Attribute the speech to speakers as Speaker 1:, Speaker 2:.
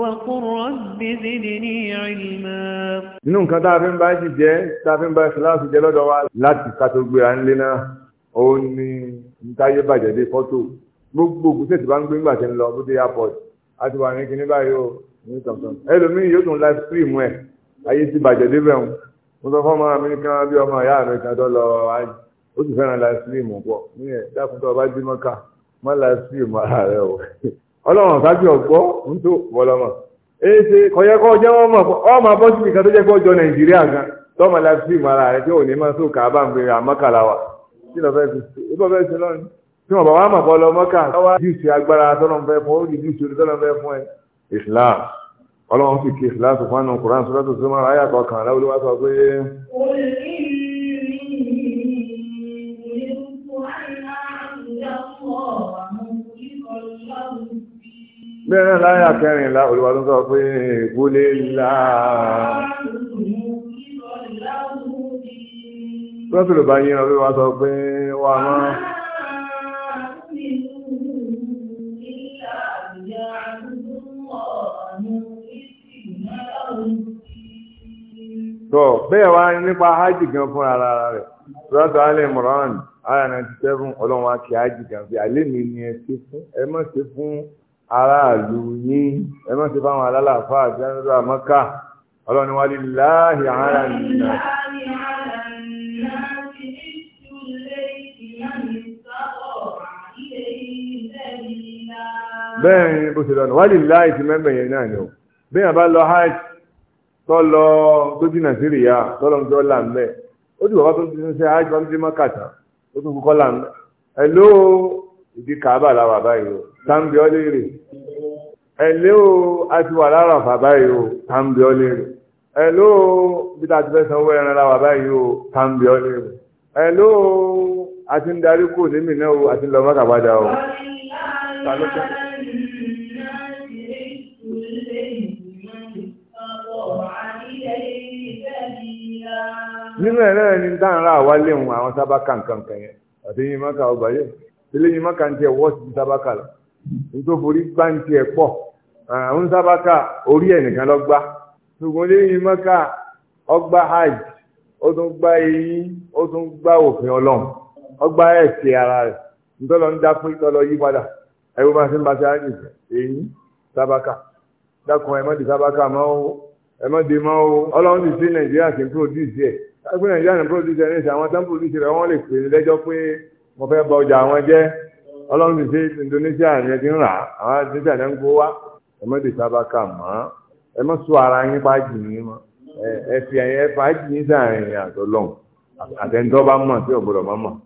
Speaker 1: وقل رب زدني علما nínú nǹkan tá a fi ń bá ṣì jẹ́ tá a fi ń bá ṣíláàsì jẹ́ lọ́dọ̀ wa láti kàtógbé à ń lé náà ó ní ntáyé bàjẹ́ dé fọ́tò gbogbo ògùnṣẹ́ tí bá ń gbé ńgbà tí ń lọ bóde airport àti wà ní kinní báyìí ó ní tọ̀tọ̀ ẹlòmíì yóò tún live stream ẹ̀ ayé ti bàjẹ́ dé bẹ̀rù mo sọ fọ́mọ mi ní kan bí ọmọ ìyá mi kan tó lọ ó sì fẹ́ràn live stream pọ̀ ní ẹ̀ dákúntọ́ ọba dín mọ́ka mọ́ live stream ara rẹ o ọlọ́run sáájú ọ̀gbọ́ ń tó wọlọ́mọ̀ èyí ṣe kọ̀yẹ́kọ́ jẹ́ wọ́n mọ̀ ọmọ abọ́jú nìkan tó jẹ́ kó jọ nàìjíríà gan tọ́mọ láti fi ìmọ̀ ara rẹ̀ tí ò ní máa sókà bá ń bèrè àmọ́kàlà wa tí lọ́ fẹ́ẹ́ fi ìbọ̀ fẹ́ẹ́ ṣe lọ́run tí wọ́n bá wà mọ̀ bọ́ lọ mọ́kà lọ́wọ́ jùṣe agbára tọ́lọ́ fẹ́ fún ó di jùṣe tọ́lọ́ fẹ́ fún ẹ. Islam ọlọ́run fi kí Islam tó fún àwọn bẹ́ẹ̀ láyà kẹrìnlá olùwà tó sọ pé kúlé ńlá tọ́tùlù bá yín ọdún wá sọ pé wà máa tọ́ bẹ́ẹ̀ wá nípa hajj gan fún ara rẹ̀ rọ́tọ̀ alẹ́ mọ̀rán ara 97 ọlọ́run kí hajj gan fi àlè mi ni ẹ ṣe fún ẹ mọ̀ ṣe fún aráàlú yín ẹ má ṣe fáwọn alálàáfà àti ẹnudọ́ àmọ́ká ọlọ́ni wà ní láàhì ara nìyà. bẹ́ẹ̀ ni bó ṣe lọ́nà wà ní láàhì ti mẹ́mẹ́ yẹn náà ni ó bẹ́ẹ̀ bá lọ hajj tọ́lọ tó jìnà sí tọ́lọ tó là ń bẹ́ẹ̀ ó ti wà tó ti ṣe hajj bá tó ti mọ́ kàtà ó tún kọ́kọ́ là ń bẹ́ẹ̀ ìdí kàábà láwà báyìí o tàǹbì ọ léèrè ẹ̀lẹ́ o a ti wà lára fà báyìí o tàǹbì ọ léèrè ẹ̀lẹ́ o bí ta ti fẹ́ sanwó ẹran láwà báyìí o tàǹbì ọ léèrè ẹ̀lẹ́ o a ti ń darí kò ní mìíràn o a ti ń lọ mọ́kà padà o. nínú ẹ̀rẹ́ ẹni tá à ń ra àwálé òun àwọn sábà kàǹkàǹkàn yẹn àti yín mọ́kà ọgbà yẹn eléyìí má kàn tiẹ̀ wọ́ọ̀sì ti sábàkà lọ nítorí forí gbá ń tiẹ̀ pọ̀ ń sábàkà orí ẹ̀ nìkan lọ gbá ṣùgbọ́n eléyìí má kà ọgbà hajj ó tún gbá eyín ó tún gbá òfin ọlọ́run ọgbà ẹ̀sìn ara rẹ̀ ntọ́lọ ń dá fún ìtọ́lọ yí padà ẹ̀rọ máa ṣe ń baṣẹ́ àjì èyí sábàkà dákun ẹ̀ mọ́dé sábàkà mọ́ o ẹ̀ mọ́dé mọ́ o ọlọ́run ti mo fẹ́ bọ ọjà wọn jẹ ọlọ́run ti ṣe Indonesia yẹn ti ń rà àwọn Indonesia yẹn ń gbó wá ẹ bá kà sọ ara yín bá jì yín ẹ fi ẹ jì yín bá